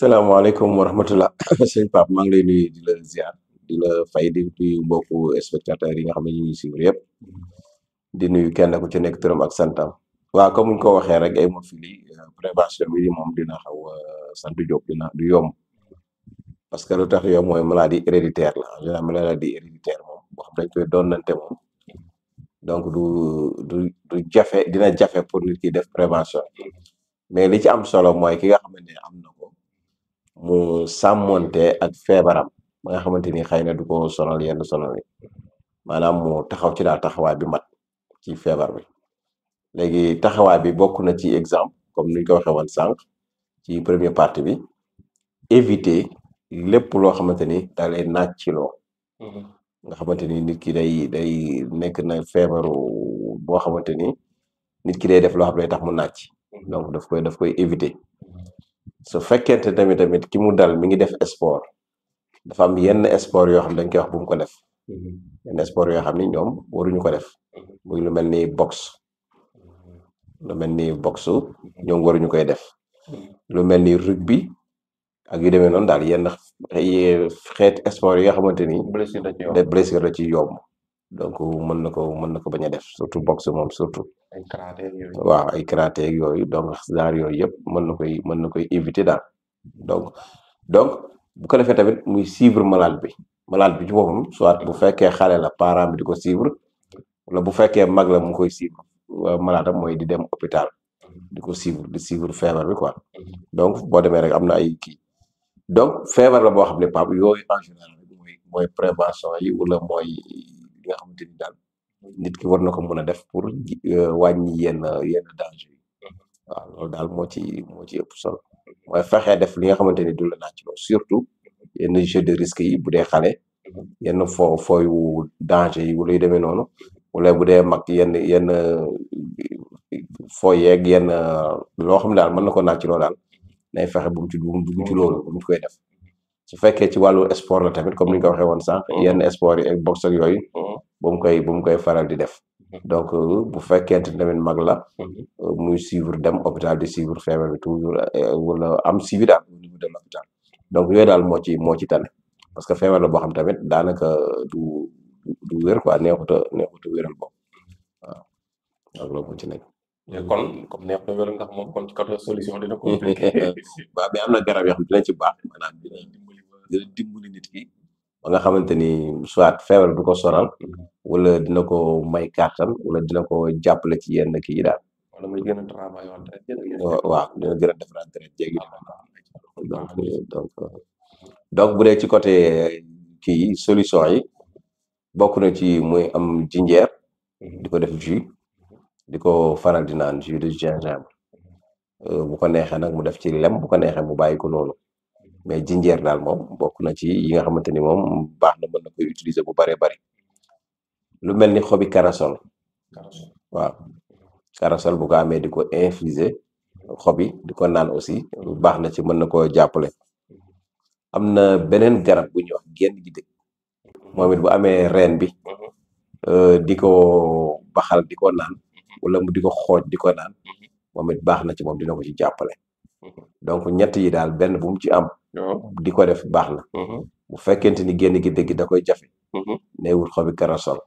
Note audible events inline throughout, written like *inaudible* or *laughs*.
Assalamualaikum warahmatullahi wabarakatuh. sëñ Pape di la ziar di le fay di nuyu mbokku yi nga xam ñu ngi di nuyu kenn ku ci nekk turam ak santam waaw comme ñu ko waxee rek ay hémophilie prévention bi moom dina xaw sant Diop dina du yomb parce que lu tax yow maladie héréditaire la en général maladie héréditaire xam dañ koy donc du du dina pour nit ki def prévention mais li ci am solo ki nga am mu sàmmonte ak feebaram ba nga xamante ni xëy na du ko sonal yenn sonal yi maanaam mu taxaw ci daal taxawaay bi mat ci feebar bi léegi taxawaay bi bokk na ci exemple comme ni ñu ko waxee woon sànq ci premier partie bi éviter lépp loo xamante ni da lay naaj ci mm-hmm. nga xamante ni nit ki day day nekk na feebaru boo xamante ni nit ki day def loo xam ne day tax mu naaj mm-hmm. donc daf koy daf koy éviter su fekkente tamit tamit ki mu dal mi ngi def sport dafa am yenn sport yoo xam dañ koy wax bu ko def mhm. yenn sport yoo xam ni ñoom waruñu ko def mhm. lu mel ni boxe mhm. lu mel ni boxe ñoom waruñu koy def lu mel ni rugby ak yu demee noonu daal yenn xeet sport yi nga xamante ni blessure la ci yomb donc mën na ko mën na ko bañ a def surtout boxe moom surtout waaw ay karaté ak yooyu donc genre yooyu yëpp mën na koy mën na koy éviter daal donc donc bu ko defee tamit muy suivre malade bi malade bi ci boppam soit bu fekkee xale la parent bi di ko suivre wala bu fekkee mag la mu koy suivre euh, malade am mooy di dem hôpital mm-hmm. di ko suivre di suivre feebar bi quoi mm-hmm. donc boo demee rek am na ay kii donc feebar la boo xam ne pap yooyu en général mooy mooy prévention yi wala mooy nga xam ni daal nit ki war na ko mën a def pour euh, wàññi yenn yenn danger yi mm-hmm. waaw loolu daal moo ci moo ci ëpp solo fexe def li nga xamante ni du la naaj loo surtout yenn jeu de risque yi bu dee xale mm-hmm. yenn foo fooyu danger yi wala yu demee noonu mm-hmm. wala bu dee mag yenn yenn foo yeeg yenn loo xam ne daal mën na ko naaj loo daal nay fexe bu mu ci bu mu ci loolu bu koy def su fekkee ci wàllu sport la tamit comme ni ñu ko waxee woon sànq yenn sport yi ak boxe yooyu bom mu koy bu faral di def mhm. donc euh, bu fekkente tamit mag la mhm. euh, muy suivre dem hôpital di suivre feebar bi toujours euh, wala am suivi daal au niveau de hôpital donc yooyu daal moo ci moo ci tane parce que feebar la boo xam tamit daanaka du du wér quoi neexut a neexut a wéral bopp waaw ak loolu moo ci nekk kon comme neex na wéral ndax moom kon ci côté solution dina *laughs* compliqué waaw mais am na garab yoo xam dina ci baax maanaam dina dimbali dina dimbali nit ki ba nga xamante ni soit feebar du ko sonal mhm. wala dina ko may kàttan wala dina ko jàppale ci yenn kii daal. wala muy gën a travail waaw dina gën a defaraat deret jéegi donc donc donc bu dee ci côté euh, kii solution yi bokk na ci muy am jinjeer mhm. di ko def jus di ko faral di naan jus de gingembre euh, bu ko neexee nag mu def ci lem bu ko neexee mu bàyyi ko noonu mhm. mais jinjeer daal moom bokk na ci yi nga xamante ni moom baax na mën na koy utiliser bu baree bari lu mel ni xobi karasol waaw karasol bu amee di ko infuser xobi di ko naan aussi lu baax na ci mën na koo jàppale am na beneen garab bu ñuy wax genn gi dëkk moom it bu amee reen bi euh, di ko baxal di ko naan wala di ko xooj di ko naan moom it baax na ci moom dina ko ci jàppale donc ñett yi daal benn bu ci am di ko def baax na mhm. bu fekkente ni génn gi dëgg da koy jafe mhm. ne wut xobi karasol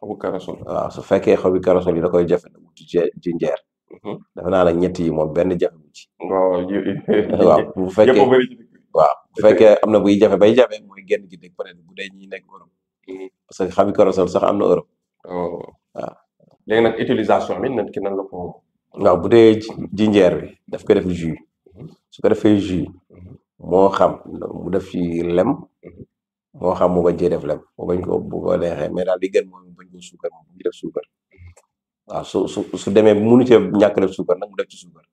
xobu corossol waaw su fekkee xobi corossol yi da koy jafe mu ci jinjeer mm-hmm. dafa naa la ñett yi moom benn jafe bu ci waaw bu fekkee *laughs* waaw bu fekkee am na buy jafe bay jafe mooy génn gi dëgg peut-être bu dee ñi nekk Europe mm-hmm. parce que xobi corossol sax am na Europe oh. waaw léegi nag utilisation bi nit ki nan la ko waaw bu dee jinjeer bi daf koy def jus mm-hmm. su ko defee jus moo xam mu def ci lem moo xam mu bañ cee def lem mu bañ ko bu ko neexee mais daal di gën moom ko suukar mu waaw su su su demee munu cee ñàkk def suukar nag mu def ci suukar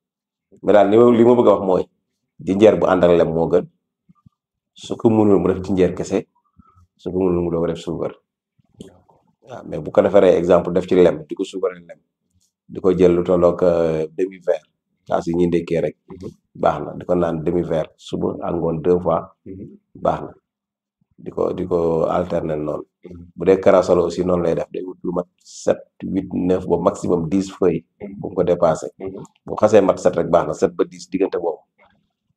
mais daal li ma li ma bëgg wax mooy jinjeer bu ànd ak lem moo gën su ko mënul mu def jinjeer kese su ko mënul mu doog a suukar waaw mais bu ko defaree exemple def ci lem di ko suukaree lem di ko jël lu tolloog euh, demi verre kaas yi ñuy ndekkee rek baax na di ko naan demi verre suba ak ngoon deux fois mhm. baax na di ko di ko alterner noonu. bude kara solo aussi non lay def day wut lu mat 7 8 9 bo maximum 10 feuilles bu ko dépasser bu xasse mat 7 rek baxna 7 kan ba 10 diggante boobu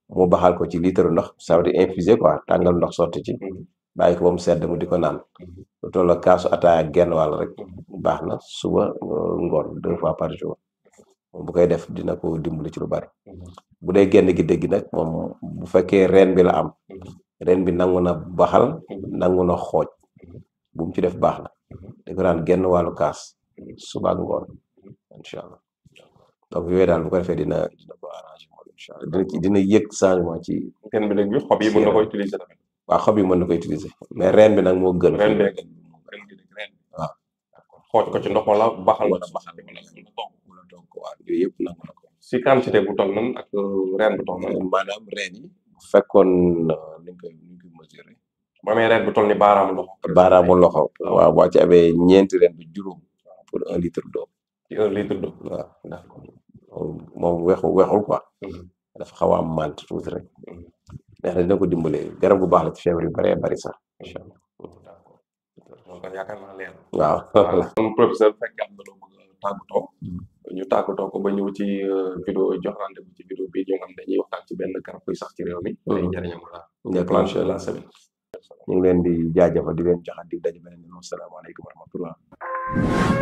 mo baxal ko ci litre ndox ça veut dire infuser quoi ah, tangal ndox sorti ci bay ko bam sedd mu diko nan naan lu toll ak kaasu ataaya genn wàll rek baxna suba eh, ngor deux fois par jour bu koy def dina ko dimbali ci lu bari bu day genn gi dégg nak mom bu fekke reen bi la am reen bi nanguna baxal nanguna xoj bum ci def bax la da ko daan genn walu kaas suba ak ngoon incha allah donc yooyu daal bu ko defee dina dina ko arrangé moom incha dina ci dina yëg changement ci. ren bi nag xob yi mën na ko utiliser tamit. mën na ko utiliser mais ren bi nak mo gën. ren bee ren bi ren ko ci wala baxal wala ko. si quantité bu toll nan ak euh, ren bu toll nan. maanaam ren yi bu fekkoon euh, bu amee bu toll ni baaraamu loxo. baramu loxo wa bo ci abé ñent ren bu juróom pour 1 litre d'eau. 1 litre d'eau wa d'accord moom weexul weexul quoi. Mm-hmm. dafa xawa a tout mant rek. Mm-hmm. neex na ko dimbalé garab bu baax la ci feebar bari bari sax mm-hmm. incha allah. d'accord ñu tàggatoo ko ba ñëw ci euh, vidéo jox rendez-vous ci vidéo bii ñu nga dañuy ci benn garab sax ci réew mi. la. la semaine. ñu ngi leen di jaajëfal di leen joxaat di daje beneen yoon salaamaaleykum wa rahmatullah